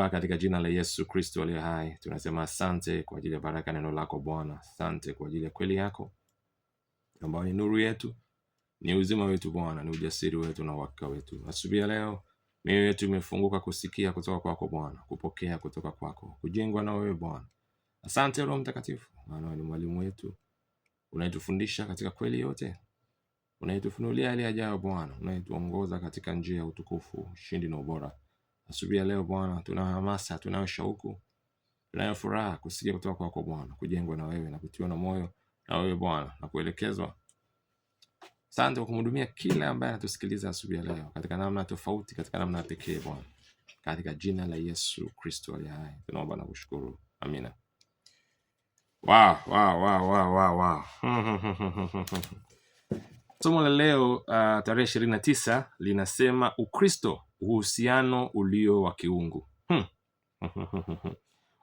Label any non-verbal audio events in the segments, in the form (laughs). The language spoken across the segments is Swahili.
Baba, katika jina la Yesu Kristo aliye hai, tunasema asante kwa ajili ya baraka neno lako Bwana. Asante kwa ajili ya kweli yako ambayo ni nuru yetu, ni uzima wetu Bwana, ni ujasiri wetu na uhakika wetu. Asubuhi ya leo mioyo yetu imefunguka kusikia kutoka kwako Bwana, kupokea kutoka kwako, kujengwa na wewe Bwana. Asante Roho Mtakatifu, maana ni mwalimu wetu, unayetufundisha katika kweli yote, unaitufunulia yale yajayo Bwana, unayetuongoza katika njia ya utukufu, ushindi na ubora Asubuhi ya leo Bwana, tunayo hamasa, tunayo shauku, tunayo furaha kusikia kutoka kwako Bwana, kujengwa na wewe na kutiwa na moyo na wewe Bwana na kuelekezwa. Asante kwa kumhudumia kila ambaye anatusikiliza asubuhi ya leo katika namna tofauti, katika namna ya pekee Bwana, katika jina la Yesu Kristo aliye hai tunaomba na kushukuru, amina. Wow, wow, wow, wow, wow, wow. (laughs) Somo la leo uh, tarehe ishirini na tisa linasema Ukristo uhusiano ulio wa kiungu hmm. (laughs)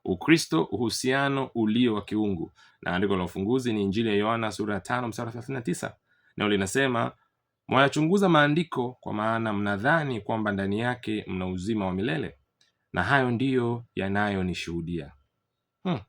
Ukristo, uhusiano ulio wa kiungu. Na andiko la ufunguzi ni Injili ya Yohana sura ya tano mstari thelathini na tisa nao linasema mwayachunguza maandiko kwa maana mnadhani kwamba ndani yake mna uzima wa milele, na hayo ndiyo yanayonishuhudia. hmm.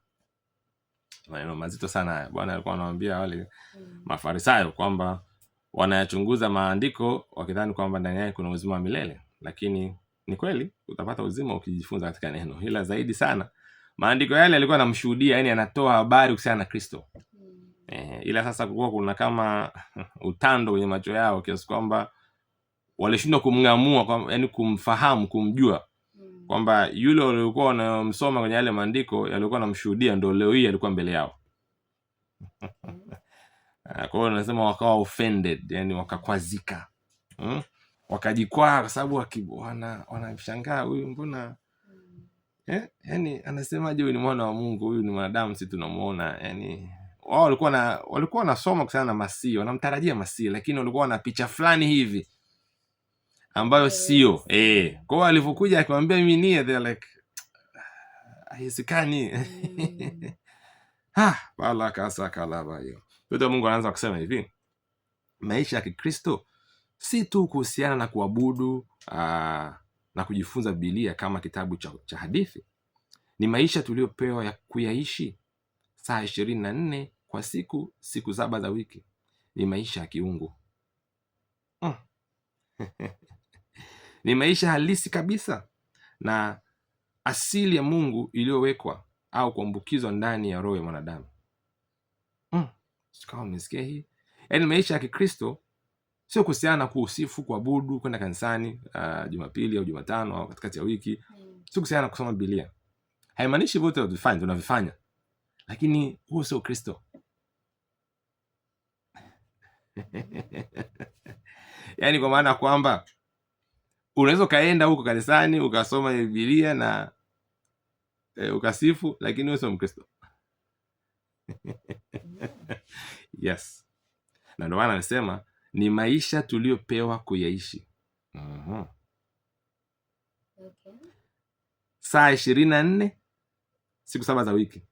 Maneno mazito sana haya. Bwana alikuwa anawaambia wale hmm. Mafarisayo kwamba wanayachunguza maandiko wakidhani kwamba ndani yake kuna uzima wa milele lakini ni kweli utapata uzima ukijifunza katika neno, ila zaidi sana maandiko yale yalikuwa anamshuhudia, yani anatoa habari kuhusiana na Kristo mm. Eh, ila sasa kukuwa kuna kama (laughs) utando kwenye macho yao kiasi kwamba walishindwa kumng'amua kwa, yani kumfahamu, kumjua mm. kwamba yule waliokuwa wanamsoma kwenye yale maandiko yaliokuwa anamshuhudia ndo leo hii alikuwa mbele yao mm. (laughs) ah, kwa hiyo nasema wakawa offended, yani wakakwazika hmm? wakajikwaa kwa sababu wanamshangaa huyu mbona mm. eh? Yani anasemaje huyu ni mwana wa Mungu, huyu ni mwanadamu, si tunamuona yani wao walikuwa na walikuwa wanasoma kuhusiana na Masihi, wanamtarajia Masihi, lakini walikuwa wana picha fulani hivi ambayo eh. sio eh. Kwa hiyo alivyokuja akimwambia mimi ni they're like ah, haisikani. Mm. ha (laughs) ah, bala kasa kala bayo. Mungu anaanza kusema hivi, maisha ya Kikristo si tu kuhusiana na kuabudu ah, na kujifunza Biblia kama kitabu cha, cha hadithi. Ni maisha tuliyopewa ya kuyaishi saa ishirini na nne kwa siku, siku saba za wiki. Ni maisha ya kiungu mm. (laughs) ni maisha halisi kabisa na asili ya Mungu iliyowekwa au kuambukizwa ndani ya roho ya mwanadamu mm. hii, yaani maisha ya Kikristo sio kuhusiana na kuusifu, kuabudu, kwenda kanisani uh, Jumapili au Jumatano au katikati ya wiki mm. sio kuhusiana na kusoma Biblia. Haimaanishi vyote vifanya tunavifanya, lakini huo sio Kristo. (laughs) Yaani, kwa maana ya kwamba unaweza ukaenda huko kanisani ukasoma Biblia na e, ukasifu, lakini huyo sio Mkristo. (laughs) Hmm. Yes, na ndio maana amesema ni maisha tuliyopewa kuyaishi. Uhum. saa ishirini na nne siku saba za wiki,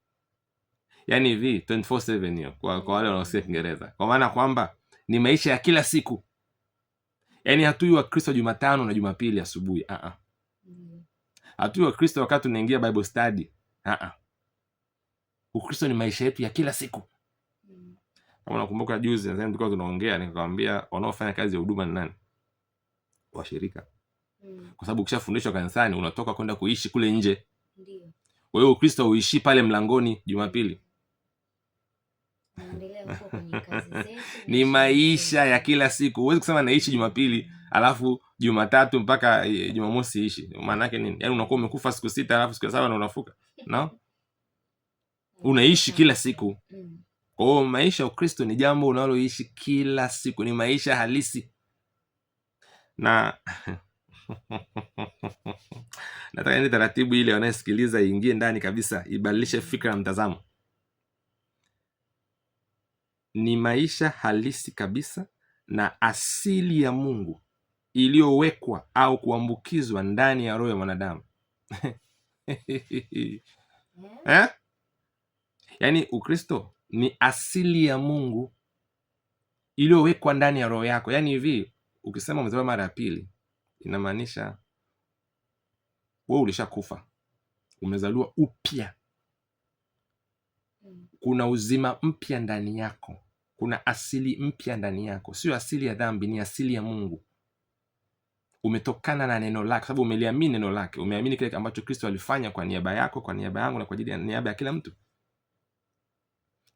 yaani hivi 24/7 hiyo kwa, kwa wale wanaosikia Kiingereza, kwa maana kwamba ni maisha ya kila siku, yaani hatui Wakristo Jumatano na Jumapili asubuhi uh -uh. hatui Wakristo wakati unaingia Bible study uh -uh. Ukristo ni maisha yetu ya kila siku kama nakumbuka juzi nadhani tulikuwa tunaongea nikakwambia wanaofanya kazi ya huduma ni nani washirika hmm. kwa sababu ukishafundishwa kanisani unatoka kwenda kuishi kule nje kwa hiyo ukristo uishi pale mlangoni jumapili (laughs) ni maisha ya kila siku huwezi kusema naishi jumapili hmm. alafu jumatatu mpaka eh, jumamosi ishi maanaake nini yaani unakuwa umekufa siku sita alafu siku ya saba na unafuka no (laughs) unaishi kila siku hmm. Kwa hiyo maisha ya Ukristo ni jambo unaloishi kila siku, ni maisha halisi na (laughs) nataka ni taratibu ile wanayesikiliza iingie ndani kabisa, ibadilishe fikra na mtazamo. Ni maisha halisi kabisa na asili ya Mungu iliyowekwa au kuambukizwa ndani ya roho ya mwanadamu (laughs) eh? Yaani Ukristo ni asili ya Mungu iliyowekwa ndani ya roho yako. Yaani hivi ukisema umezaliwa mara ya pili, inamaanisha wewe ulishakufa, umezaliwa upya, hmm. kuna uzima mpya ndani yako, kuna asili mpya ndani yako. Sio asili ya dhambi, ni asili ya Mungu. Umetokana na neno lake, sababu umeliamini neno lake, umeamini kile ambacho Kristo alifanya kwa niaba yako, kwa niaba yangu na kwa ajili ya niaba ya kila mtu.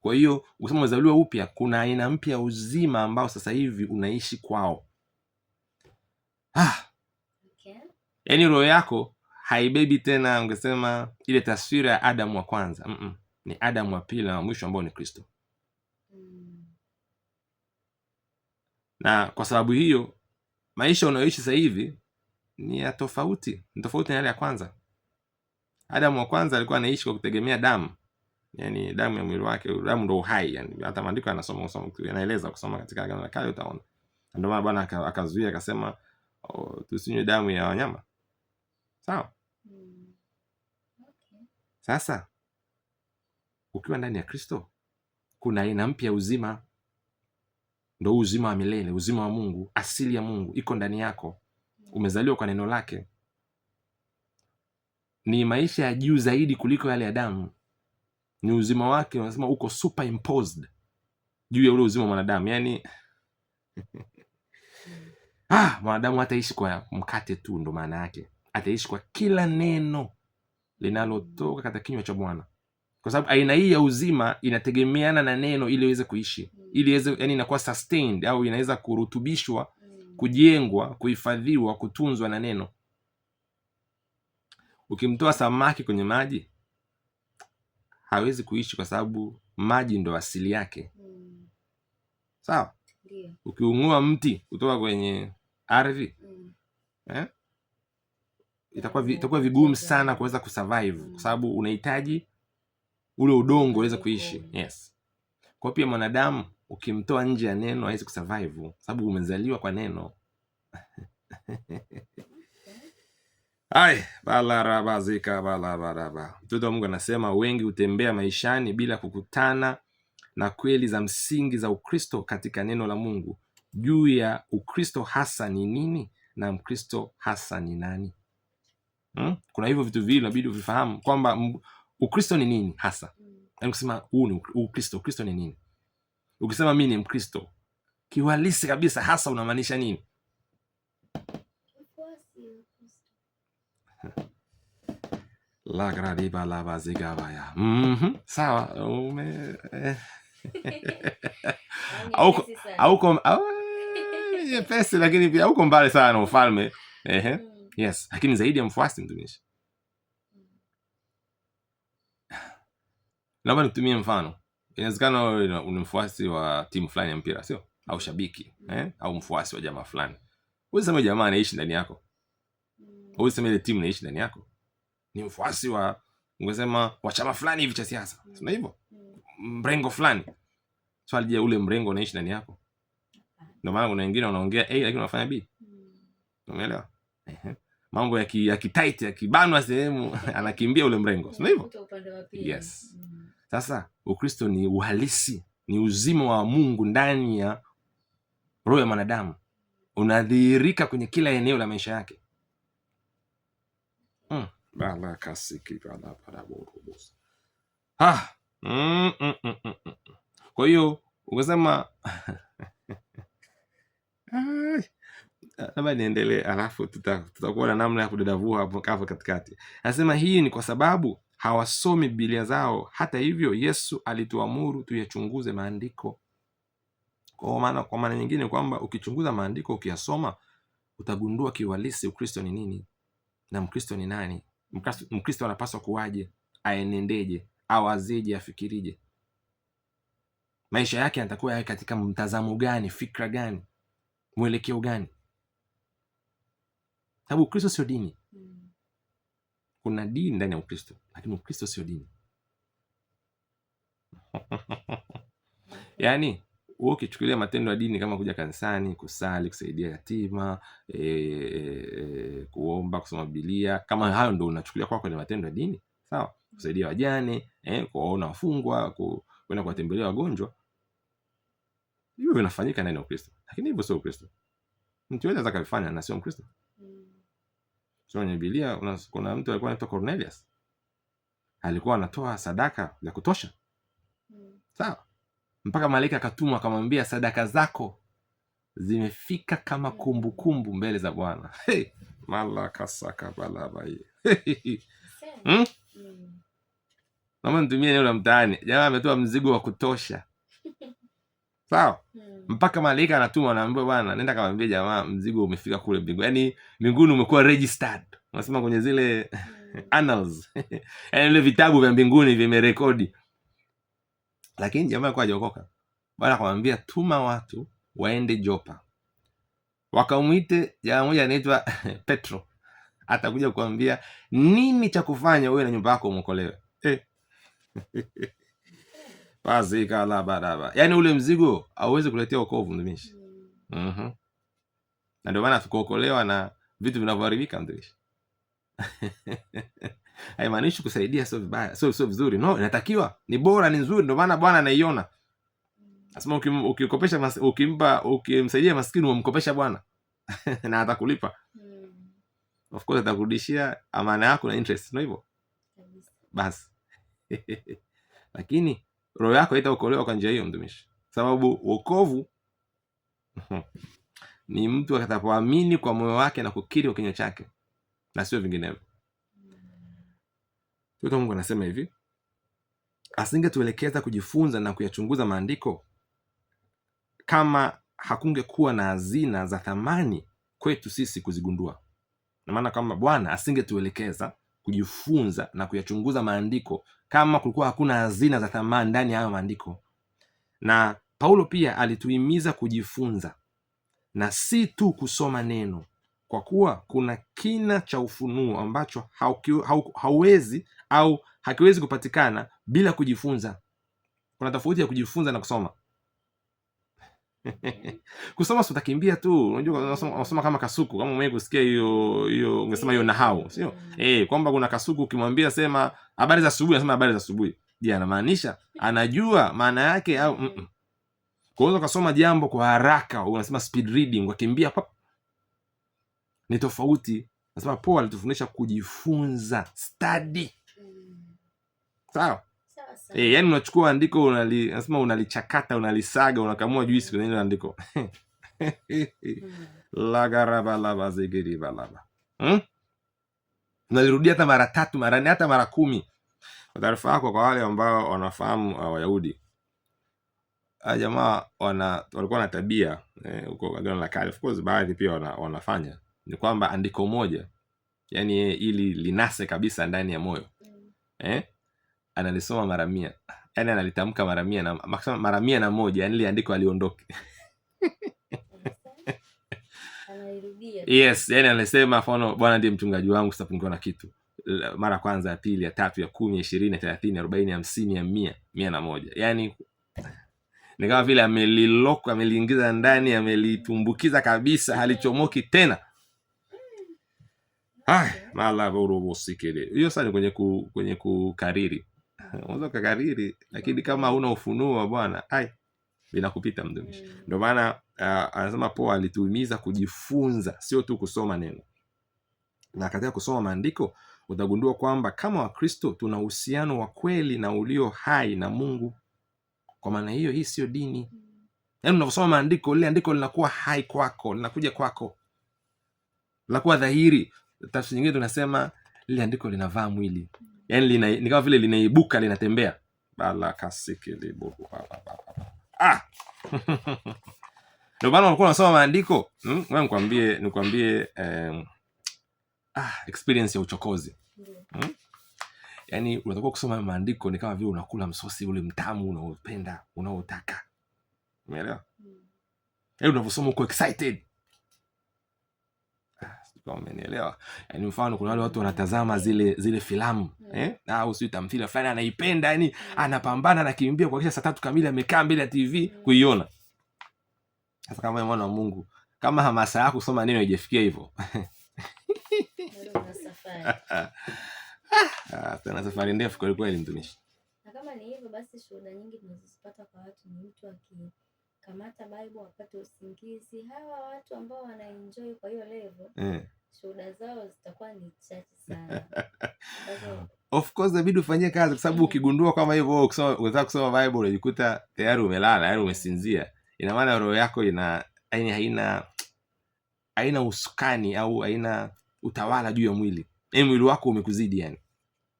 Kwa hiyo ukisema umezaliwa upya, kuna aina mpya ya uzima ambao sasa hivi unaishi kwao. Ah, okay. Yaani roho yako haibebi tena, ungesema ile taswira ya Adamu wa kwanza. mm -mm. Ni Adamu wa pili na wa mwisho ambao ni Kristo. Mm. Na kwa sababu hiyo maisha unayoishi sasa hivi ni ya tofauti, ni tofauti na yale ya kwanza. Adamu wa kwanza alikuwa anaishi kwa kutegemea damu, yani damu ya mwili wake, damu ndo uhai yani. Hata maandiko yanasoma kusoma, yanaeleza kusoma katika Agano la Kale utaona. Ndio maana Bwana akazuia akasema, tusinywe damu ya wanyama sawa. Hmm. Sasa ukiwa ndani ya Kristo kuna aina mpya uzima, ndo uzima wa milele, uzima wa Mungu, asili ya Mungu iko ndani yako, hmm. umezaliwa kwa neno lake, ni maisha ya juu zaidi kuliko yale ya damu ni uzima wake unasema uko superimposed juu ya ule uzima wa mwanadamu yani (laughs) ah, mwanadamu hataishi kwa mkate tu, ndo maana yake, ataishi kwa kila neno linalotoka katika kinywa cha Bwana, kwa sababu aina hii ya uzima inategemeana na neno ili iweze kuishi, ili iweze yani, inakuwa sustained au inaweza kurutubishwa, mm. kujengwa, kuhifadhiwa, kutunzwa na neno. Ukimtoa samaki kwenye maji hawezi kuishi kwa sababu maji ndo asili yake mm. sawa yeah. ukiung'ua mti kutoka kwenye ardhi mm. eh? itakuwa vi, itakuwa vigumu sana kuweza kusurvive mm. kwa hmm. sababu unahitaji ule udongo uweze kuishi yes kwa pia mwanadamu ukimtoa nje ya neno hawezi kusurvive sababu umezaliwa kwa neno (laughs) Ay, raba zika bala bala balabaraba. Mtoto wa Mungu anasema wengi hutembea maishani bila kukutana na kweli za msingi za Ukristo katika neno la Mungu juu ya Ukristo hasa ni nini na Mkristo hasa ni nani. Hmm? Kuna hivyo vitu viwili inabidi uvifahamu kwamba Ukristo ni nini hasa. Yaani kusema huu ni Ukristo, Ukristo ni nini? Ukisema mimi ni Mkristo, kiwalisi kabisa hasa unamaanisha nini? La gradiba Mm mhm. -hmm. Sawa. Ume... Yaani auko nyepesi eh, lakini pia auko mbali sana ufalme. Ehe. Mm. Yes, lakini zaidi ya mfuasi mtumishi. Mm. Naomba nitumie mfano. Inawezekana ni mfuasi wa timu fulani ya mpira, sio? Au shabiki, mm. eh? Au mfuasi wa jamaa fulani. Wewe sema jamaa anaishi ndani yako. Wewe sema ile timu inaishi ndani yako ni mfuasi wa ungesema wa chama fulani hivi cha siasa, mm. sina hivyo mm. mrengo fulani. Swali, je, ule mrengo unaishi ndani yako? Ndio maana kuna wengine wanaongea A lakini wanafanya B. Mm. Umeelewa? mambo ya ki, ya kitaiti sehemu (laughs) anakimbia ule mrengo, sio hivyo? Yes. Sasa Ukristo ni uhalisi, ni uzima wa Mungu ndani ya roho ya mwanadamu, unadhihirika kwenye kila eneo la maisha yake kwahiyo Kwa hiyo ukasema (laughs) labda niendelee, alafu tutakuwa na namna ya kudadavua hapo katikati. Anasema hii ni kwa sababu hawasomi Biblia zao. Hata hivyo, Yesu alituamuru tuyachunguze maandiko. Kwa maana kwa maana nyingine kwamba ukichunguza maandiko, ukiyasoma, utagundua kiuhalisi Ukristo ni nini na Mkristo ni nani. Mkristo anapaswa kuwaje, aenendeje, awazeje, afikirije? Maisha yake yanatakuwa yawe katika mtazamo gani, fikra gani, mwelekeo gani? Sababu Ukristo sio dini. Kuna dini ndani ya Ukristo, lakini Ukristo sio dini. (laughs) Yaani wewe ukichukulia matendo ya dini kama kuja kanisani, kusali, kusaidia yatima e, e, kuomba, kusoma Biblia, kama hayo ndo unachukulia kwako ni matendo ya dini sawa, kusaidia wajane eh, kuwaona wafungwa, kwenda kuwatembelea wagonjwa, hivyo vinafanyika ndani ya Ukristo, lakini hivyo sio Ukristo. Mtu yote anaweza kavifanya na sio Mkristo. Hmm. So kwenye Biblia kuna mtu alikuwa anaitwa Cornelius, alikuwa anatoa sadaka ya kutosha hmm. sawa mpaka malaika akatumwa akamwambia, sadaka zako zimefika kama kumbukumbu kumbu mbele za Bwana. (laughs) malakasakabalabai (laughs) hmm? Mm. Naomba nitumie eneo la mtaani, jamaa ametoa mzigo wa kutosha, (laughs) sawa mm. mpaka malaika anatuma anaambiwa bwana, nenda kamwambia jamaa mzigo umefika kule mbingu Yani mbinguni umekuwa registered, unasema kwenye zile mm. annals yani vile vitabu vya mbinguni vimerekodi lakini jamaa alikuwa hajaokoka bali akamwambia tuma watu waende jopa wakamwite jamaa moja anaitwa (laughs) petro atakuja kuambia nini cha kufanya uwe na nyumba yako umwokolewe eh. pazikalabaraba (laughs) yaani ule mzigo auwezi kuletea ukovu mtumishi mm-hmm. na ndio maana tukuokolewa na vitu vinavyoharibika mtumishi (laughs) haimaanishi kusaidia sio vibaya, sio sio vizuri. No, inatakiwa, ni bora, ni nzuri. Ndio maana Bwana anaiona, nasema ukimkopesha, ukimpa, ukimsaidia maskini, umemkopesha Bwana (laughs) na atakulipa mm. of course, atakurudishia amana yako na interest, ndio hivyo bas (laughs) Lakini roho yako haitaokolewa kwa njia hiyo, mtumishi, sababu wokovu (laughs) ni mtu atakapoamini kwa moyo wake na kukiri kwa kinywa chake na sio vinginevyo. Mtoto Mungu anasema hivi, asingetuelekeza kujifunza na kuyachunguza maandiko kama hakungekuwa na hazina za thamani kwetu sisi kuzigundua. Na maana kwamba Bwana asingetuelekeza kujifunza na kuyachunguza maandiko kama kulikuwa hakuna hazina za thamani ndani ya hayo maandiko. Na Paulo pia alituhimiza kujifunza na si tu kusoma neno, kwa kuwa kuna kina cha ufunuo ambacho hauwezi au hakiwezi kupatikana bila kujifunza. Kuna tofauti ya kujifunza na kusoma. (laughs) Kusoma sitakimbia tu, unajua unasoma kama kasuku, kama umewahi kusikia hiyo hiyo, ungesema hiyo nahau, sio mm. eh? Kwamba kuna kasuku ukimwambia sema habari za asubuhi, anasema habari za asubuhi. Je, anamaanisha anajua maana yake au mm -mm. Kwa hiyo ukasoma jambo kwa haraka, unasema speed reading, ukakimbia pap ni tofauti. Nasema Paul alitufundisha kujifunza study, sawa E, yani unachukua andiko unali, nasema unalichakata unalisaga unakamua juisi kwenye ile andiko lagarabalabazigiribalaba (laughs) hmm? unalirudia hata mara tatu mara nne hata mara kumi. taarifa yako, kwa wale ambao wanafahamu uh, Wayahudi a ah, jamaa wana walikuwa na tabia eh, huko eh, Agano la Kale of course baadhi pia wana, wanafanya ni kwamba andiko moja yani ili linase kabisa ndani ya moyo mm. eh? analisoma mara mia yani analitamka mara mia na mara mia na moja yaani liandiko aliondoke (laughs) yes yani anasema mfano bwana ndiye mchungaji wangu sitapungiwa na kitu mara kwanza ya pili ya tatu ya kumi ya ishirini ya thelathini arobaini hamsini ya mia mia na moja yani ni kama vile ameliloko ameliingiza ndani amelitumbukiza kabisa halichomoki tena hiyo saa ni kwenye ku, kwenye kukariri ah. unaweza ukakariri lakini kama una ufunuo wa bwana vinakupita mdumishi mm. Ndio maana uh, anasema po alituhimiza kujifunza, sio tu kusoma neno. Na katika kusoma maandiko utagundua kwamba kama Wakristo tuna uhusiano wa kweli na ulio hai na Mungu. Kwa maana hiyo, hii siyo dini. Hmm. Yaani unavyosoma maandiko, lile andiko linakuwa hai kwako, linakuja kwako, linakuwa dhahiri tafsiri nyingine tunasema lile andiko linavaa mwili, yaani lina, ni kama vile linaibuka linatembea ah! (laughs) Ndio maana walikuwa wanasoma maandiko hmm? Nikwambie, nikwambie eh, ah, experience ya uchokozi hmm? Yaani unatakiwa kusoma maandiko ni kama vile unakula msosi ule mtamu unaopenda unaotaka, umeelewa? Hmm. Yaani unavyosoma uko excited Umenielewa? yani mfano kuna wale watu wanatazama zile zile filamu hmm. eh, au ah, siu tamthilia fulani anaipenda, yani hmm. anapambana anakimbia kuakisha saa tatu kamili amekaa mbele ya TV hmm. kuiona. Sasa kama mwana wa Mungu, kama hamasa yako kusoma neno haijafikia hivyo. (laughs) Ah, tena safari ndefu kwelikweli mtumishi. Na kama ni hivyo basi shuhuda nyingi tunazozipata kwa watu ni mtu Kamata Bible wapate usingizi. Hawa watu ambao wanaenjoy kwa hiyo level eh, shuhuda zao zitakuwa ni chache sana. (laughs) Of course inabidi ufanyie kazi, kwa sababu mm. ukigundua kama hivyo ukisoma unataka kusoma Bible unajikuta tayari umelala, tayari umesinzia, ina maana roho yako ina yaani haina haina usukani au haina utawala juu ya mwili, yaani mwili wako umekuzidi yani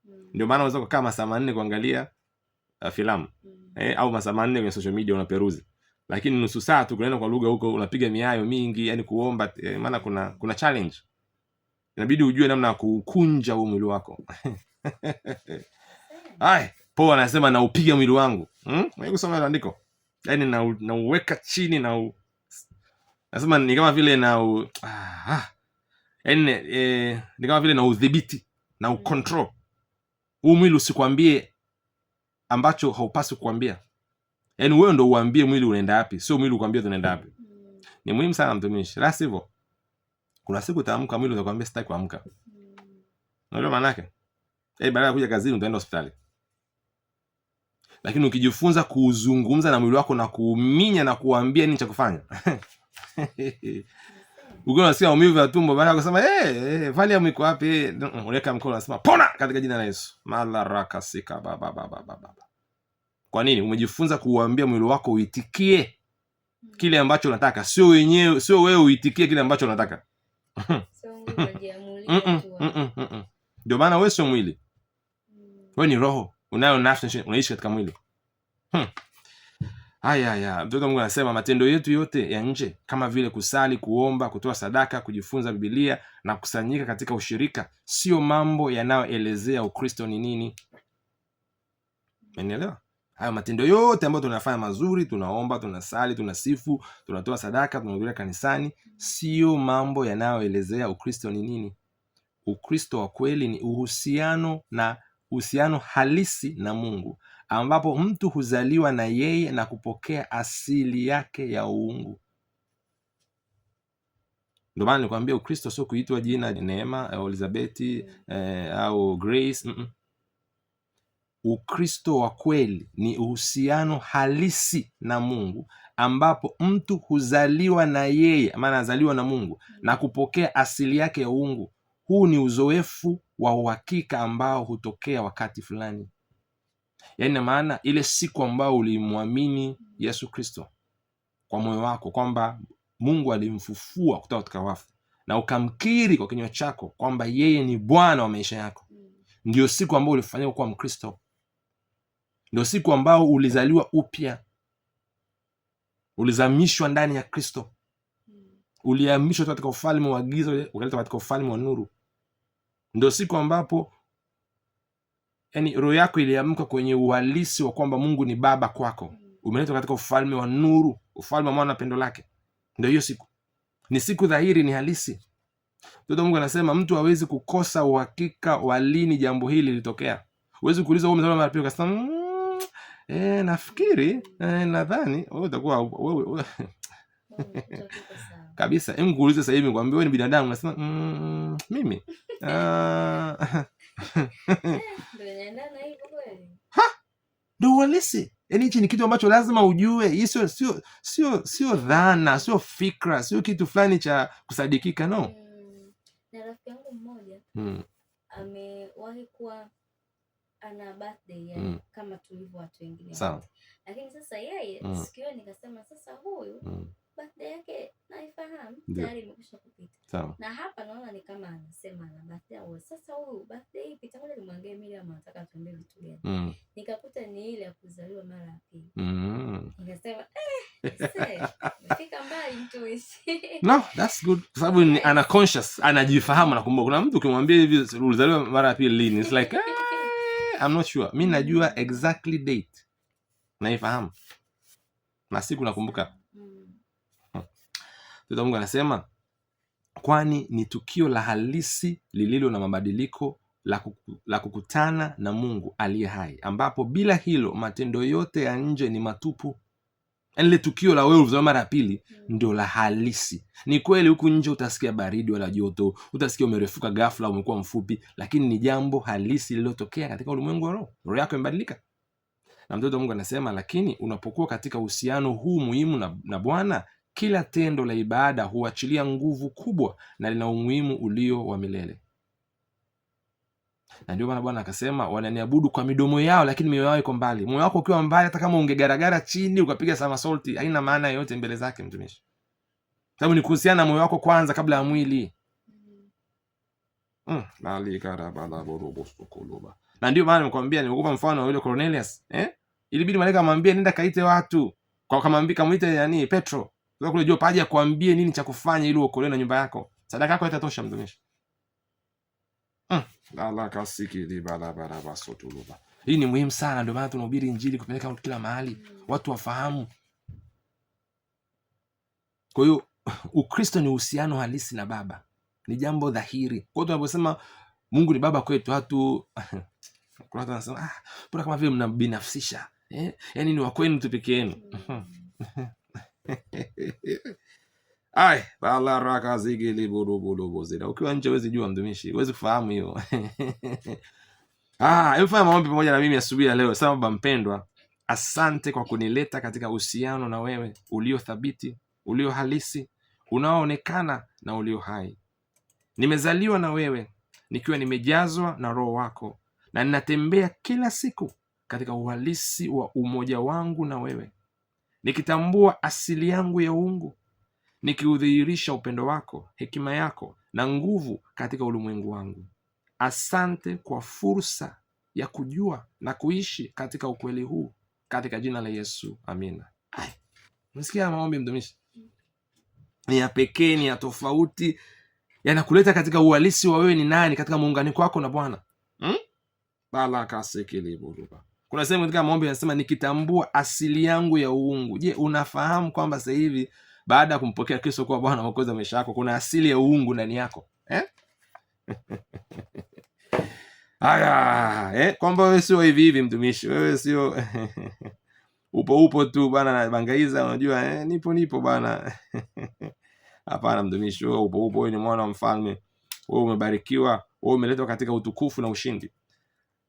mm. Ndio maana unaweza kukaa masaa manne kuangalia uh, filamu mm. eh, au masaa manne kwenye social media unaperuzi lakini nusu saa tu kunaenda kwa lugha huko unapiga miayo mingi, yani kuomba eh, maana kuna kuna challenge, inabidi ujue namna ya kuukunja huo mwili wako (laughs) Hai, po anasema naupiga mwili wangu hmm? kusoma andiko yani nauweka na chini na u... nasema ni kama vile na u... Ah, ah, yani, eh, ni kama vile na udhibiti na ucontrol huu mwili usikwambie ambacho haupaswi kukwambia Yaani wewe ndo uambie mwili unaenda wapi, sio mwili ukwambie unaenda wapi. Mm. Ni muhimu sana mtumishi, la sivyo kuna siku utaamka, mwili utakwambia sitaki kuamka. Mm. unajua maana yake? Eh, baada ya kuja kazini utaenda hospitali. Lakini ukijifunza kuzungumza na mwili wako na kuuminya na kuambia nini cha kufanya (laughs) ukiwa unasikia maumivu ya tumbo, baada ya kusema eh, eh valium iko wapi? Unaweka mkono, unasema pona katika jina la Yesu. malaraka sika baba baba baba kwa nini? Umejifunza kuuambia mwili wako uitikie hmm. kile ambacho unataka, sio wenyewe, sio wewe uitikie kile ambacho unataka. (laughs) Ndio maana wewe sio mwili, hmm. wewe ni roho, unayo nafsi, unaishi katika mwili. Hmm. Haya, mtoto Mungu anasema matendo yetu yote ya nje kama vile kusali, kuomba, kutoa sadaka, kujifunza Biblia na kusanyika katika ushirika sio mambo yanayoelezea Ukristo ni nini. Umenielewa? hayo matendo yote ambayo tunafanya mazuri, tunaomba, tunasali, tunasifu, tunatoa sadaka, tunahudhuria kanisani, sio mambo yanayoelezea Ukristo ni nini. Ukristo wa kweli ni uhusiano na uhusiano halisi na Mungu ambapo mtu huzaliwa na yeye na kupokea asili yake ya uungu. Ndio maana nilikwambia Ukristo sio kuitwa jina Neema au Elizabeti mm. eh, au Grace mm -mm. Ukristo wa kweli ni uhusiano halisi na Mungu ambapo mtu huzaliwa na yeye, maana anazaliwa na Mungu na kupokea asili yake ya uungu. Huu ni uzoefu wa uhakika ambao hutokea wakati fulani, yaani na maana ile siku ambayo ulimwamini Yesu Kristo kwa moyo wako kwamba Mungu alimfufua kutoka katika wafu na ukamkiri kwa kinywa chako kwamba yeye ni Bwana wa maisha yako, mm. ndiyo siku ambayo ulifanyika kuwa Mkristo ndio siku ambao ulizaliwa upya, ulizamishwa ndani ya Kristo, uliamishwa katika ufalme wa giza ukaleta katika ufalme wa nuru. Ndio siku ambapo yani roho yako iliamka kwenye uhalisi wa kwamba Mungu ni baba kwako, umeletwa katika ufalme wa nuru, ufalme wa mwana pendo lake. Ndio hiyo siku, ni siku dhahiri, ni halisi. Mtoto Mungu anasema mtu hawezi kukosa uhakika wa lini jambo hili lilitokea. Huwezi kuuliza wewe mzaliwa mara pili ukasema mm, E, nafikiri e, nadhani wewe utakuwa wewe (laughs) kabisa. Hem, kuuliza sasa hivi kwambie wewe ni binadamu, nasema mm, mimi ah. (laughs) ndo uhalisi. Yaani hichi ni kitu ambacho lazima ujue. Hii sio sio sio sio dhana, sio fikra, sio kitu fulani cha kusadikika, no. Mm. Na rafiki yangu mmoja hmm. amewahi kuwa ana birthday yani, mm. kama tulivyo watu wengine wote, lakini sasa yeye mm. sikio nikasema sasa huyu mm. birthday yake naifahamu tayari imekwisha kupita, na hapa naona ni kama anasema ana birthday au sasa huyu birthday ipi tangu mimi ama nataka tuambie vitu gani mm. nikakuta ni ile ya kuzaliwa mara ya pili mm. nikasema eh fika mbali mtu wewe (laughs) no that's good kwa sababu ana conscious anajifahamu, kumbuka kuna mtu ukimwambia hivi ulizaliwa mara ya pili lini it's like eh I'm not sure. Mi najua mm. exactly date naifahamu na siku nakumbuka. Mm. Mungu anasema kwani ni tukio la halisi lililo na mabadiliko la kukutana na Mungu aliye hai, ambapo bila hilo matendo yote ya nje ni matupu yaani ile tukio la wewe mara ya pili ndio la halisi. Ni kweli huku nje utasikia baridi wala joto, utasikia umerefuka ghafla, umekuwa mfupi, lakini ni jambo halisi lililotokea katika ulimwengu wa roho. Roho yako imebadilika. Na mtoto wa Mungu anasema, lakini unapokuwa katika uhusiano huu muhimu na, na Bwana, kila tendo la ibada huachilia nguvu kubwa na lina umuhimu ulio wa milele na ndio maana Bwana akasema wananiabudu kwa midomo yao, lakini mioyo yao iko mbali. Moyo wako ukiwa mbali, hata kama ungegaragara chini ukapiga samasolti haina maana yoyote mbele zake mtumishi, sababu ni kuhusiana na moyo wako kwanza, kabla ya mwili mm. na ndio maana nimekwambia, nimekupa mfano wa yule Cornelius eh? Ilibidi malaika amwambie nenda kaite watu, kwa kamwite yani Petro kwa kule jua paja, kuambie nini cha kufanya ili uokolewe na nyumba yako. Sadaka yako itatosha mtumishi mm. Hii ni muhimu sana, ndio maana tunahubiri Injili kupeleka kila mahali, watu wafahamu. Kwa hiyo Ukristo ni uhusiano halisi na Baba, ni jambo dhahiri. Kwa hiyo tunaposema Mungu ni baba kwetu, hatu (laughs) kuna watu wanasema ah, mbona kama vile mnabinafsisha eh? Yaani ni wakwenu tu peke yenu (laughs) Ay, bala raka zigi bulu zida. Ukiwa nje huwezi jua mdumishi, huwezi kufahamu hiyo. (laughs) Ah, hebu fanya maombi pamoja na mimi asubuhi ya leo. Sasa Baba mpendwa, asante kwa kunileta katika uhusiano na wewe ulio thabiti, ulio halisi, unaoonekana na ulio hai. Nimezaliwa na wewe nikiwa nimejazwa na Roho wako na ninatembea kila siku katika uhalisi wa umoja wangu na wewe, nikitambua asili yangu ya uungu nikiudhihirisha upendo wako, hekima yako na nguvu katika ulimwengu wangu. Asante kwa fursa ya kujua na kuishi katika ukweli huu, katika jina la Yesu, amina. Msikia maombi mtumishi, ni ya pekee, ni ya tofauti, yanakuleta katika uhalisi wa wewe ni nani katika muunganiko wako na Bwana hmm? kuna sehemu katika maombi yanasema nikitambua asili yangu ya uungu. Je, unafahamu kwamba sasa hivi baada ya kumpokea Kristo kuwa Bwana Mwokozi wa maisha yako, kuna asili ya uungu ndani yako eh? (laughs) Aya, eh, kwamba wewe sio hivi hivi mtumishi, wewe sio (laughs) upo upo tu bana, nabangaiza, unajua eh, nipo nipo bana. (laughs) hapana mtumishi, wewe upo upo, wewe ni mwana wa mfalme, wewe umebarikiwa, wewe umeletwa katika utukufu na ushindi.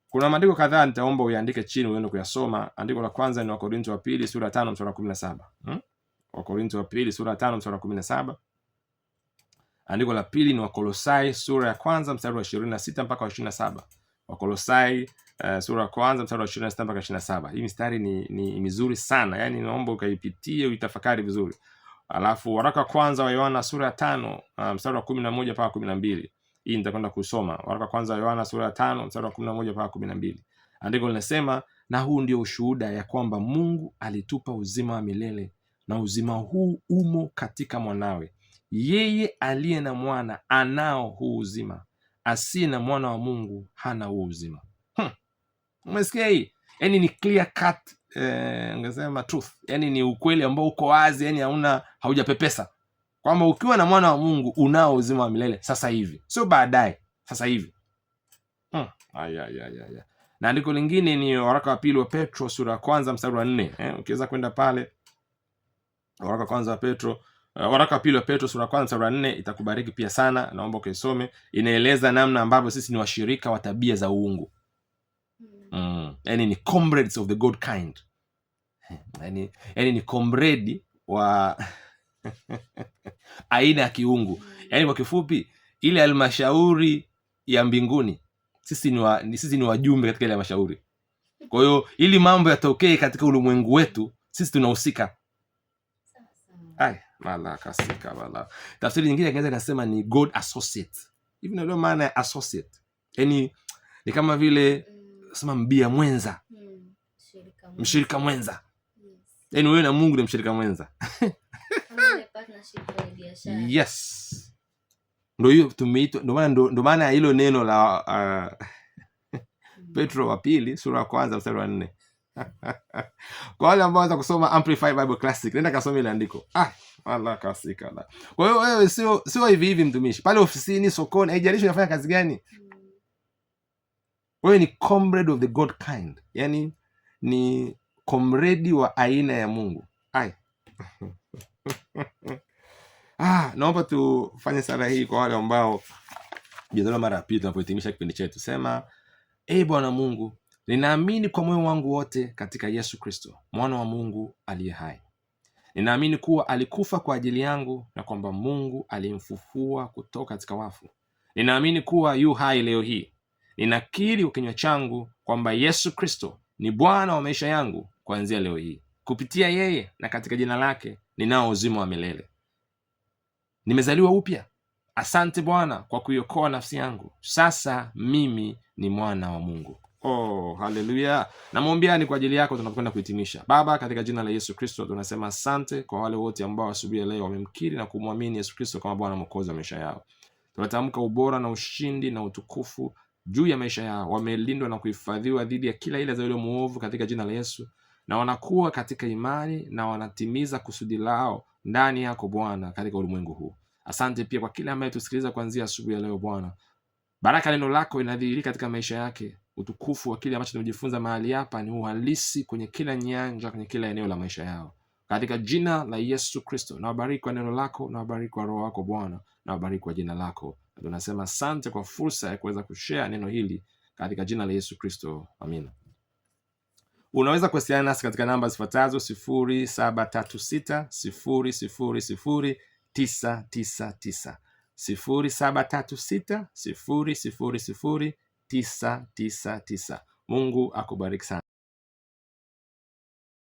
Kuna maandiko kadhaa nitaomba uyaandike chini uende kuyasoma. Andiko la kwanza ni Wakorintho wa pili sura tano mstari wa kumi na saba hmm? Wakorintho wa pili sura ya tano mstari wa kumi na saba. Andiko la pili ni Wakolosai sura ya kwanza mstari wa ishirini na sita mpaka wa ishirini na saba. Wakolosai uh, sura ya kwanza mstari wa ishirini na sita mpaka ishirini na saba. Hii mistari ni, ni mizuri sana, yaani naomba ukaipitie uitafakari vizuri. Alafu waraka wa kwanza wa Yohana sura ya tano uh, mstari wa kumi na moja mpaka kumi na mbili. Hii nitakwenda kusoma waraka wa kwanza wa Yohana sura ya tano mstari wa kumi na moja mpaka kumi na mbili. Andiko linasema na huu ndio ushuhuda ya kwamba Mungu alitupa uzima wa milele na uzima huu umo katika mwanawe. Yeye aliye na mwana anao huu uzima, asiye na mwana wa Mungu hana huu uzima. Hmm. Umesikia Hii yani ni clear cut, eh, ngesema truth, yani ni ukweli ambao uko wazi, yani hauna haujapepesa, kwamba ukiwa na mwana wa Mungu unao uzima wa milele sasa hivi, sio baadaye, sasa hivi hmm. Aya, aya, aya. Na andiko lingine ni waraka wa pili wa Petro sura ya kwanza mstari wa nne eh, ukiweza kwenda pale waraka kwanza wa Petro uh, waraka pili wa Petro sura kwanza sura nne itakubariki pia sana, naomba ukisome. Inaeleza namna ambavyo sisi ni washirika wa tabia za uungu hmm. mm. Yani ni comrades of the God kind, (laughs) yani, yani ni comrade wa (laughs) aina ya kiungu, yani kwa kifupi ile halmashauri ya mbinguni sisi ni, wa, ni, sisi ni wajumbe katika ile halmashauri. Kwa hiyo ili mambo yatokee katika ulimwengu wetu sisi tunahusika. Ay, mala kasika mala. Tafsiri nyingine ingeweza ikasema ni God associate. Hivi ndio maana ya associate. Yaani ni kama vile mm. sema mbia mwenza. Mm, mshirika mwenza. Yaani wewe na Mungu ni mshirika mwenza. Yes. Ndio hiyo tumeitwa, ndio maana ndio maana ya hilo neno la uh, (laughs) mm. Petro wa pili sura ya kwanza mstari wa nne (laughs) kwa wale ambao wanaweza kusoma Amplified Bible Classic, nenda kasome ile andiko ah, wala kasika la. Kwa hiyo wewe sio sio hivi hivi, mtumishi pale ofisini, sokoni, haijalishi unafanya kazi gani, wewe ni comrade of the God kind, yani ni comrade wa aina ya Mungu. Ai. (laughs) Ah, naomba tufanye sala hii kwa wale ambao jadala mara ya pili tunapohitimisha kipindi chetu, sema e Bwana Mungu Ninaamini kwa moyo wangu wote katika Yesu Kristo, mwana wa Mungu aliye hai. Ninaamini kuwa alikufa kwa ajili yangu na kwamba Mungu alimfufua kutoka katika wafu. Ninaamini kuwa yu hai leo hii. Ninakiri kwa kinywa changu kwamba Yesu Kristo ni Bwana wa maisha yangu kuanzia leo hii. Kupitia yeye na katika jina lake ninao uzima wa milele. Nimezaliwa upya. Asante Bwana kwa kuiokoa nafsi yangu. Sasa mimi ni mwana wa Mungu. Oh, haleluya. Namwombea ni kwa ajili yako, tunakwenda kuhitimisha. Baba, katika jina la Yesu Kristo tunasema asante kwa wale wote ambao asubuhi ya leo wamemkiri na kumwamini Yesu Kristo kama Bwana Mwokozi wa maisha yao. Tunatamka ubora na ushindi na utukufu juu ya maisha yao. Wamelindwa na kuhifadhiwa dhidi ya kila ile dhambi muovu katika jina la Yesu, na wanakuwa katika imani na wanatimiza kusudi lao ndani yako Bwana, katika ulimwengu huu. Asante pia kwa kila ambaye tusikiliza kuanzia asubuhi ya leo Bwana, baraka neno lako inadhihirika katika maisha yake utukufu wa kile ambacho tumejifunza mahali hapa ni uhalisi kwenye kila nyanja, kwenye kila eneo la maisha yao, katika jina la Yesu Kristo. Nawabariki kwa neno lako, nawabariki kwa roho wako Bwana, nawabariki kwa jina lako. Tunasema asante kwa fursa ya kuweza kushare neno hili katika jina la Yesu Kristo, amina. Unaweza kuwasiliana nasi katika namba zifuatazo: sifuri saba tatu sita sifuri sifuri sifuri tisa tisa tisa, sifuri saba tatu sita sifuri sifuri sifuri tisa tisa tisa. Mungu akubariki sana.